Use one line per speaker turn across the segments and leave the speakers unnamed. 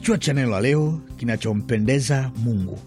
Kichwa cha neno la leo kinachompendeza Mungu.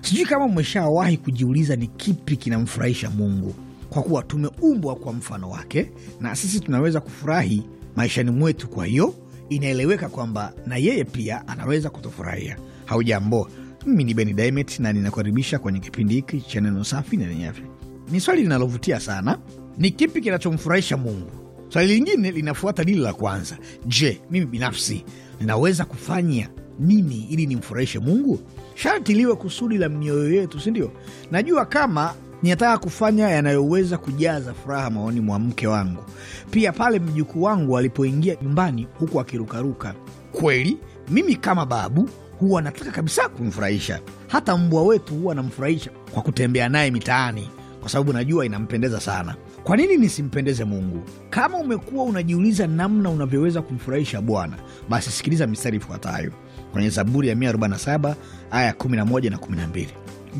Sijui kama mmeshawahi kujiuliza ni kipi kinamfurahisha Mungu, kwa kuwa tumeumbwa kwa mfano wake na sisi tunaweza kufurahi maishani mwetu. Kwa hiyo inaeleweka kwamba na yeye pia anaweza kutufurahia. Haujambo, mimi ni Beni Dimet na ninakaribisha kwenye kipindi hiki cha neno safi na nenyeve Ni swali linalovutia sana, ni kipi kinachomfurahisha Mungu? Swali lingine linafuata dili la kwanza. Je, mimi binafsi ninaweza kufanya nini ili nimfurahishe Mungu? Sharti liwe kusudi la mioyo yetu, sindio Najua kama ninataka kufanya yanayoweza kujaza furaha maoni mwa mke wangu, pia pale mjukuu wangu alipoingia nyumbani huku akirukaruka. Kweli mimi kama babu huwa nataka kabisa kumfurahisha. Hata mbwa wetu huwa anamfurahisha kwa kutembea naye mitaani kwa sababu najua inampendeza sana. Kwa nini nisimpendeze Mungu? Kama umekuwa unajiuliza namna unavyoweza kumfurahisha Bwana, basi sikiliza mistari ifuatayo kwenye Zaburi ya 147 aya 11 na 12: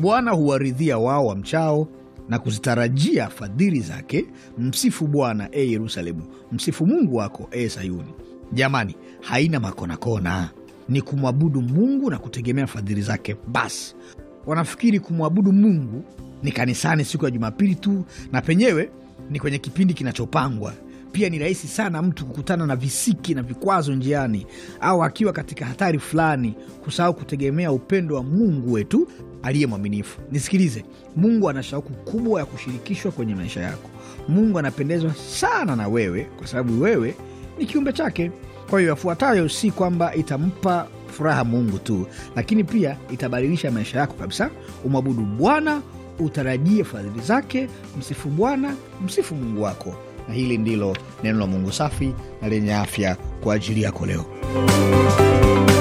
Bwana huwaridhia wao wamchao na kuzitarajia fadhili zake. Msifu Bwana e Yerusalemu, msifu Mungu wako e Sayuni. Jamani, haina makonakona, ni kumwabudu Mungu na kutegemea fadhili zake. Basi wanafikiri kumwabudu Mungu ni kanisani siku ya Jumapili tu, na penyewe ni kwenye kipindi kinachopangwa. Pia ni rahisi sana mtu kukutana na visiki na vikwazo njiani, au akiwa katika hatari fulani, kusahau kutegemea upendo wa Mungu wetu aliye mwaminifu. Nisikilize, Mungu ana shauku kubwa ya kushirikishwa kwenye maisha yako. Mungu anapendezwa sana na wewe kwa sababu wewe ni kiumbe chake. Kwa hiyo yafuatayo si kwamba itampa furaha Mungu tu, lakini pia itabadilisha maisha yako kabisa. Umwabudu Bwana utarajie fadhili zake, msifu Bwana, msifu Mungu wako. Na hili ndilo neno la Mungu safi na lenye afya kwa ajili yako leo.